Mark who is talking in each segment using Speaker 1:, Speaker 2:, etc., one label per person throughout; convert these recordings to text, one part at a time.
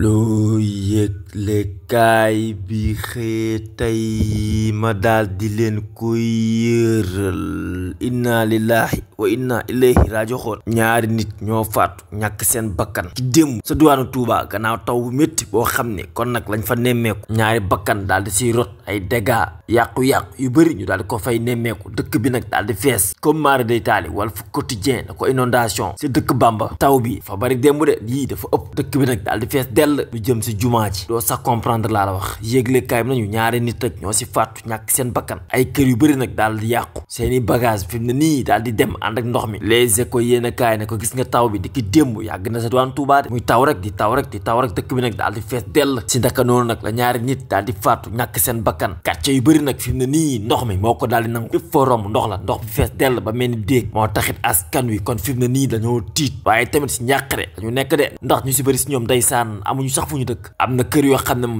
Speaker 1: loo yëg léeg kaay bi xëy tey ma daal di leen koy yëral inna lillahi wa inna ilayhi rajoxoon ñaari nit ñoo faatu ñàkk seen bakkan ci démb sa duwaanu tuuba gannaaw taw bu metti boo xam ne kon nag lañ fa nemmeeku ñaari bakkan daal di si rot ay dégâts yàqu-yàqu yu bëri ñu daal di ko fay nemmeeku dëkk bi nag daal di fees comme maara day taali wala fu quotidien da ko inondation si dëkk Bamba taw bi fa bëri démb de lii dafa ëpp dëkk bi nag daal di fees dell lu jëm si jumaa comprendre laa la wax yéeglekaay bi nañu ñaari nit ak ñoo si faatu ñàkk seen bakkan ay kër yu bëri nag daal di yàqu seeni bagage fi mu ne nii daal di dem ànd ak ndox mi nag daal di fees ñàkk seen bakkan quartier yu bëri nag fi mu ne nii ndox mi moo ko daal di nangu fépp fa romb ndox la ndox bi fees dell ba mel ni déeg moo taxit askan wi kon fi mu ne nii dañoo tiit waaye tamit si ñàqare dañu nekk de ndax ñu si bëri si ñoom day saan amuñu sax fu ñu dëkk am na kër yoo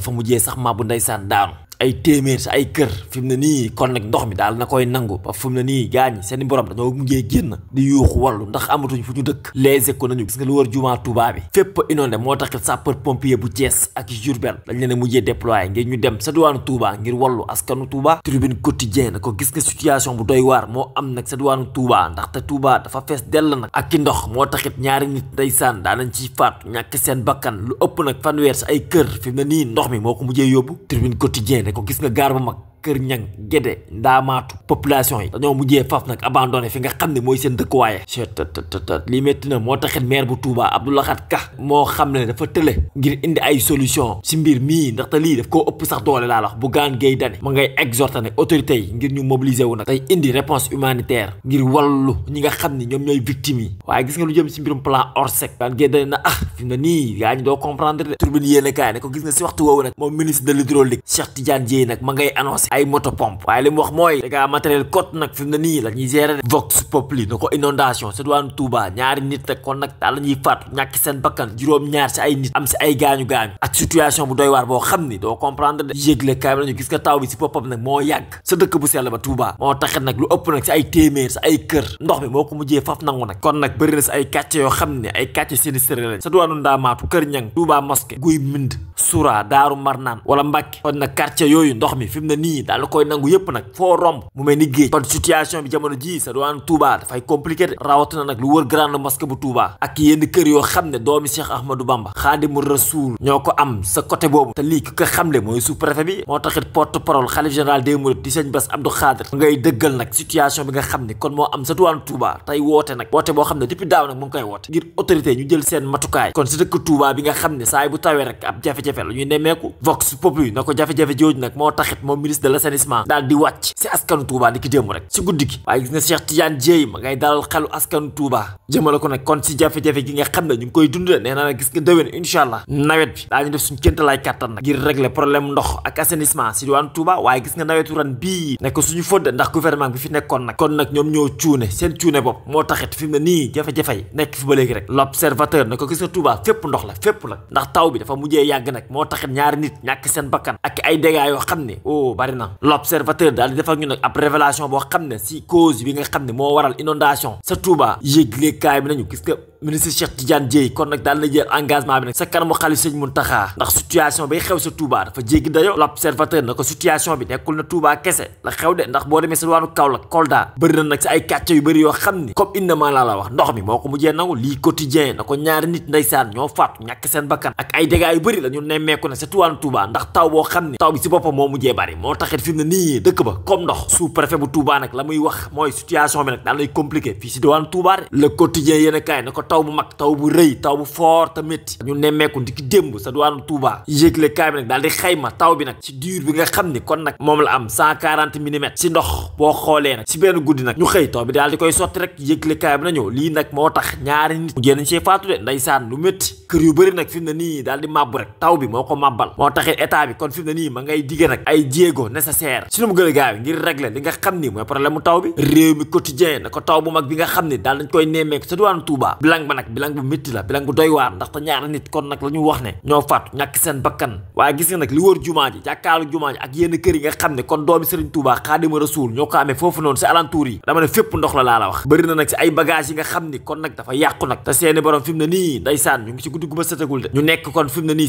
Speaker 1: dafa mujjee sax maabu saat daanu ay téeméer sa ay kër fi mu ne nii kon nag ndox mi daal na koy nangu ba fi mu ne nii gaañ seen borom dañoo mujjee génn di yuuxu wallu ndax amatuñ fu ñu dëkk les éco nañu gis nga lu wër jumaa Tuubaa bi moo tax sapeur pompier bu Thiès ak Diourbel dañ leen mujjee déployé ngir ñu dem sa duwaanu Tuubaa ngir wàllu askanu Tuubaa tribune quotidien na ko gis nga situation bu doy waar moo am nag sa duwaanu Tuubaa ndaxte Tuubaa dafa fees dell nag ak ki ndox moo taxit ñaari nit ndeysaan daanañ ciy faatu ñàkk seen bakkan lu ëpp nag fanweer sa ay kër fi mu nii ndox mi moo ko mujjee yóbbu tribune quotidien ne ko gis nga gaar bu mag kër ñang gédé ndaamaatu population yi dañoo mujjee faf nag abandonné fi nga xam ne mooy seen dëkkuwaaye cettt li métti na moo taxit maire bu Touba Abdou Lahad Ka moo xam ne dafa tële ngir indi ay solution si mbir mii ndaxte lii daf koo ëpp sax doole laa la wax bu gaan gay dane ma ngay exhorté nag autorités yi ngir ñu mobiliser wu nag tey indi réponse humanitaire ngir wallu ñi nga xam ne ñoom ñooy victimes yi waaye gis nga lu jëm si mbirum plan Orsec gaan gay dane na ah fi mu ne nii yaa ñu doo comprendre de turbine yéen a kaay ne ko gis nga si waxtu woowu ay moto pompe waaye li mu wax mooy dégâts matériel côte nag fi mu nii la ñuy gérer vox populi na ko inondation sa duwaanu Touba ñaari nit nag kon nag daal la ñuy faatu ñàkk seen bakkan juróom ñaar si ay am si ay gaañu-gaañu ak situation bu doy waar boo xam ni doo comprendre de yégle gis nga taw bi si boppam nag moo yàgg sa dëkk bu sell ba Touba moo taxit nag lu ëpp nag si ay téeméer si ay kër ndox mi moo ko mujjee faf nangu nag kon nag bëri na si ay kàcce yoo xam ne ay kàcce sinistré lañ sa duwaanu Ndaamaatu Kër Ñang Touba mosquée guy mind Soura Daaru Marnaan wala Mbàkke kon nag quartier yooyu ndox mi fi mu nii yi daal koy nangu yëpp nag foo romb mu mel ni kon situation bi jamono jii sa diwaan Touba dafay compliqué de rawatina nag lu wër grande mosquée bu Touba ak yenn kër yoo xam ne doomi Cheikh Ahmadou Bamba Xaadimu Rasuul ñoo ko am sa côté boobu te lii ki ko xamle mooy sous-préfet bi moo taxit porte-parole xalif général des mourides di Sëñ Bass Abdou Khadre ngay dëggal nag situation bi nga xam ne kon moo am sa diwaan Touba tey woote nag woote boo l'assainissement daal di wàcc si askanu Touba di ki démb rek si guddi gi waaye gis na Cheikh Tidiane Dieye ma ngay dalal xelu askanu Touba jëmale ko nag kon si jafe-jafe gi nga xam nekk kon nag ñoom ñoo cuune seen cuune bopp moo taxit fi ne nii jafe-jafe yi nekk fi ba léegi rek l'observateur ne ko gis nga Touba fépp ndox la fépp la ndax taw bi dafa mujjee yàgg nag moo taxit ñaari nit ñàkk seen bakkan ak ay dégâts yoo xam ne oh bari na l'observateur daal di def ak ñu nag ab révélation boo xam ne si cause bi nga xam ne moo waral inondation sa Touba yëgle kaay bi nañu gis nga ministre Cheikh Tidiane Dièye kon nag daal na jël engagement bi nag sa kanamu xalifa sëñ Muntaxa ndax situation bi na nekkul na Touba kese la xew de ndax boo demee sa waanu Kaolack ay kàcce yu bëri yoo xam ni comme innama laa la mi moo ko mujjee nangu lii quotidien ak ay dégâts yu bëri la ñu nemmeeku ne sa tuwaanu Touba ndax taw boo xam ni taw bi si boppam moo mujjee bëri moo taxit fi mu ne nii dëkk ba comme ndox sous préfet bu Touba nag la muy wax mooy situation bi nag daal lay compliqué fii si diwaanu Touba de le quotidien na ko taw bu mag taw bu rëy taw bu fort te métti ñu nemmeeku ndiki démb sa duwaanu Touba yéegle kaay bi nag daal di xayma taw bi nag ci diir bi nga xam ni kon nag moom la am cent quarante millimètres ci ndox boo xoolee nag ci benn guddi nag xëy taw bi daal di koy sotti rek yéegle kaay bi nañu lii nag moo tax ñaari nit mu génn cee faatu de ndeysaan lu métti kër yu bëri nag fi mu ne nii daal di màbbu rek taw bi moo ko màbbal moo taxit état bi kon fi na nii ma ngay digge nag ay jéego nécessaire ci nu mu gën a gaaw ngir régler li nga xam ni mooy problème mu taw bi réew mi quotidien na ko taw bu mag bi nga xam ni daal dañ koy nemmeeku sa duwaanu Touba bilang ba nag bilang bu métti la bilang bu doy waar ndaxte ñaari nit kon nag la wax ne ñoo faatu ñàkk seen bakkan waaye gis nga nag li wër jumaa ji jàkkaalu jumaa ji ak yenn kër yi nga xam ne kon doomi Serigne Touba Xaadimu Rasuul ñoo ko amee foofu noonu si alentour yi dama ne fépp ndox la laa la wax bëri na nag si ay bagage yi nga xam ni kon nag dafa yàqu nag te seeni borom fi ne nii ndeysaan ñu ngi si guddi gu bët sëtagul de ñu nekk kon fi ne nii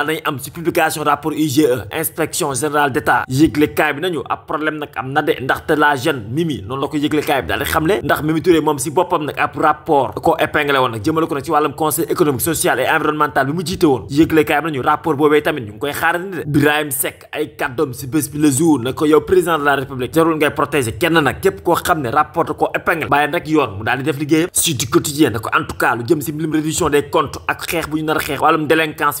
Speaker 1: daan nañ am si publication rapport IGE inspection générale d'état yëglekaay bi nañu ab problème nag am na de ndaxte la jeune Mimi noonu la ko yëglekaay bi daal di xamle ndax Mimi Touré moom si boppam nag ab rapport ko épinglé woon nag jëmale ko nag ci wàllum conseil économique social et environnemental bi mu jiite woon yëglekaay bi nañu rapport boobee tamit ñu ngi koy xaarandi de Birahim Seck ay kàddoom si bés le jour na ko yow président de la képp koo xam ne rapport ko épinglé bàyyi rek yoon mu def liggéeyam si du quotidien na ko en tout cas lu a xeex wàllum délinquance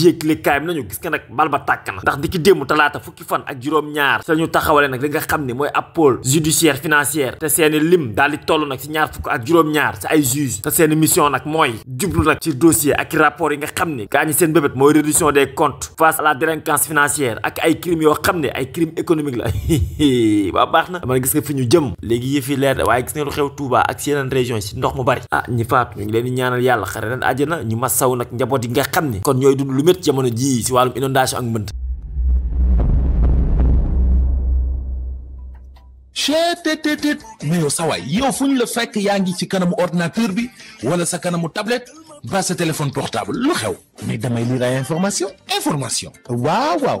Speaker 1: yéegle kaay bi nañu gis nga nag bal ba tàkk na ndax di ki démb talaata fukki fan ak juróom-ñaar sa ñu taxawale nag li nga xam ne mooy ab pôle judiciaire financière te seeni lim daal di toll nag si ñaar fukk ak juróom-ñaar si ay juge te seeni mission nag mooy jublu nag ci dossier ak rapport yi nga xam ne gaa ñi seen bébét mooy réduction des comptes face la délinquance financière ak ay crimes yoo xam ne ay crimes économiques la waa baax na dama gis nga fi ñu jëm léegi yëfi leer de waaye gis nga yi si ndox mu bari ah lu métti jamono jii si wàllum inondation ak mbënd. cheetetetet mais yow sa waay yow fu ñu la fekk yaa ngi ci kanamu ordinateur bi wala sa kanamu tablette ba sa téléphone portable lu xew mais damay lire ay information information waaw waaw